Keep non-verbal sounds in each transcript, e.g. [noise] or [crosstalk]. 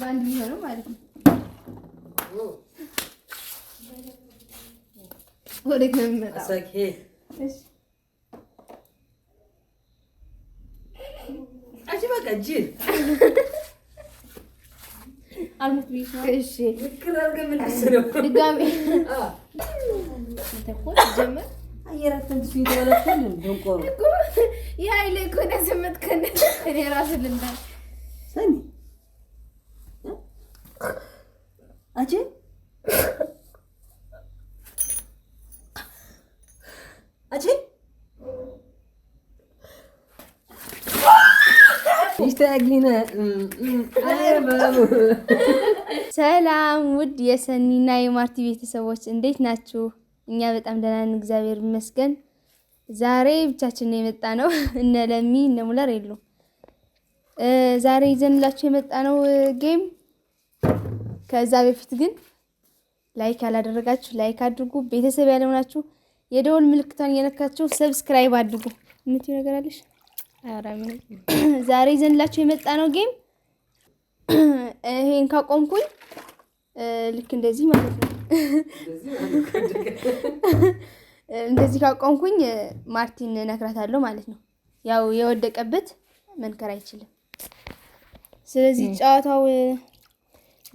በአንድ ቢሆንም ማለት ነው። ወዴት ነው የሚመጣው? አልሞት ብዬሽ ነው። እሺ ድጋሜ ነው ስምንት ቀን እኔ እራሱ Acı. Acı. ሰላም ውድ የሰኒና የማርቲ ቤተሰቦች እንዴት ናችሁ? እኛ በጣም ደህና ነን፣ እግዚአብሔር ይመስገን። ዛሬ ብቻችን ነው የመጣ ነው። እነ ለሚ እነ ሙለር የሉም። ዛሬ ይዘንላችሁ የመጣ ነው ጌም ከዛ በፊት ግን ላይክ ያላደረጋችሁ ላይክ አድርጉ። ቤተሰብ ያልሆናችሁ የደወል ምልክቷን እየነካችሁ ሰብስክራይብ አድርጉ። ምት ነገራለሽ [clears throat] ዛሬ ዘንላችሁ የመጣ ነው ጌም። [clears throat] ይሄን ካቆምኩኝ ልክ እንደዚህ ማለት ነው። [clears throat] እንደዚህ ካቆምኩኝ ማርቲን ነክራታለሁ ማለት ነው። ያው የወደቀበት መንከር አይችልም። ስለዚህ ጨዋታው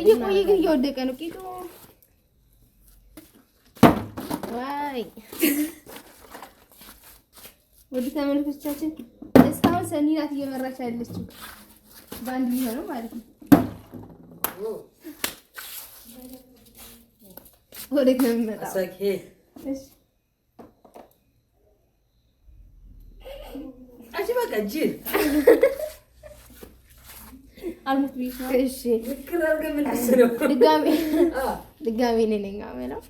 እየቆየ ግን እየወደቀ ነው ቂጡ። ዋይ ወደ ተመልካቾቻችን እስካሁን ሰኒ ናት እየመራች ያለችው በአንድ ቢሆንም ማለት ነው። ወደ ከመጣ እሺ፣ በቃ ጅል አልሞት ብዬሽ ነው። እሺ ድጋሜ ድጋሜ እኔ ነኝ የማመላው።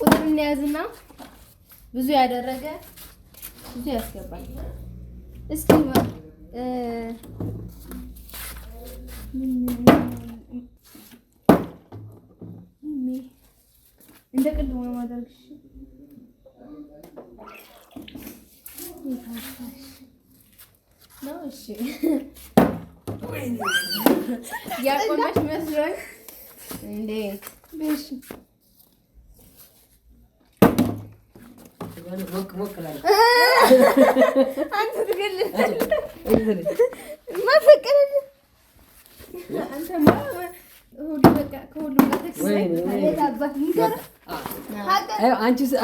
ቁጥር እንያዝና ብዙ ያደረገ ይዞ ያስገባል። እስኪ እንደ ቅድሞ ነው ማድረግ ነው። እሺ ያቆመች መስሎኝ እንዴ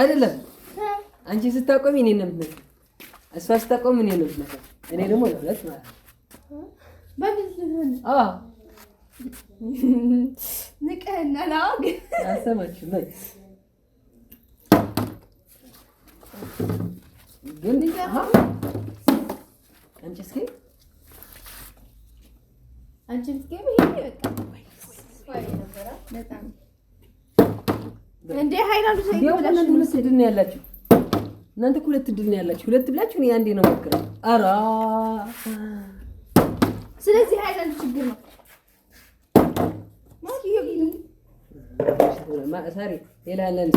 አይደለም አንቺ ስታቆሚ እኔ ነው የምትመጣው፣ እሷ ስታቆም እኔ ነው የምትመጣው። እኔ ደግሞ ለሁለት ማለት ነው። አዎ ንቀህና ላውቅ አልሰማችሁም። ግን አንቺ እስኪ አንቺ ብትገቢ እንደ ሀይላንዱ ሁለት እድል ነው ያላችሁ እናንተ ሁለት እድል ነው ያላችሁ። ሁለት ብላችሁ እኔ አንዴ ነው ሞክረው። ኧረ ስለዚህ ሀይላንዱ ችግር ነው። ሌላ ሀይላንድ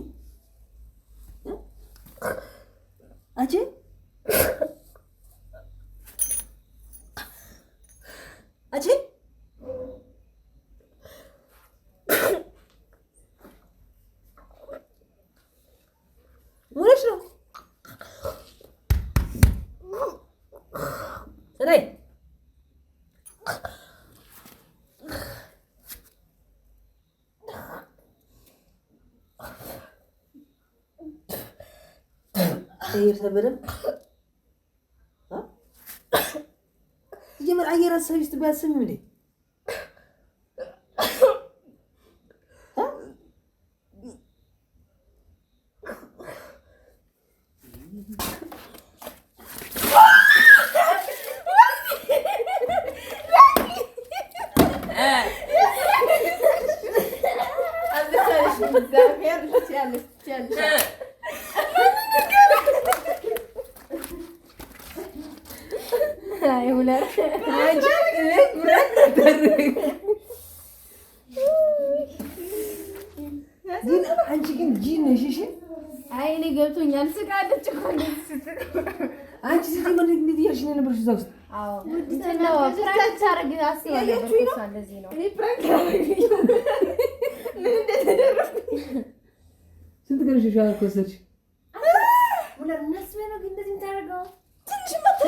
አየር [coughs] አየር አንቺ ግን ጂን ነሽ። እሺ አይ እኔ ገብቶኛል። ስቃለች እኮ አንቺ ስትይ ምን እንዴት እያልሽ ነው የነበርሽ? እዛ ውስጥ ስንት ቀን ሻሻ ከወሰድሽ?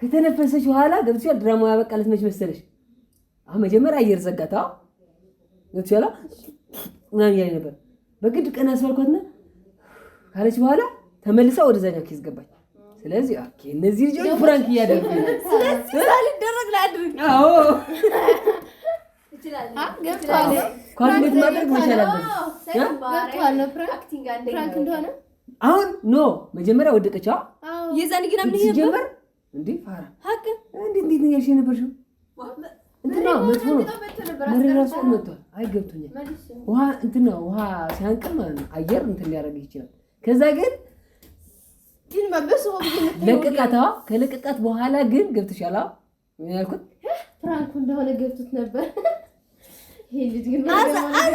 ከተነፈሰች በኋላ ገብቶሻል። ድራማ ያበቃለት መች መሰለሽ? አሁን መጀመሪያ አየር ዘጋታ ገብቶሻል። ምናምን እያለኝ ነበር። በግድ ቀና አስባልኳትና ካለች በኋላ ተመልሳ ወደ ዛኛው ኬዝ ገባች። ስለዚህ ኦኬ፣ እነዚህ ልጆች ፍራንክ እያደረጉ ስለዚህ ላድርግ። አዎ ኳሊነት ማድረግ መቻል አለበት። አሁን ኖ መጀመሪያ ወደቀች። የዛን ግን ጀመር እንዴ ፋራ ሀቅ እንዴ እንዴት ነው ያልሽ የነበርሽው? እንትና መጥቶ ነው መሬ ራሱ መጥቷል። አይ ውሃ እንትና ውሃ ሲያንቅል አየር እንትን ሊያደርግ ይችላል። ከዛ ግን ለቅቃታ ከለቅቃት በኋላ ግን ገብተሻል። አዎ ያልኩት ፍራንኩ እንደሆነ ገብቶት ነበር። ይሄ ልጅ ግን ማለት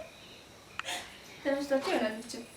Demişler ki ne için.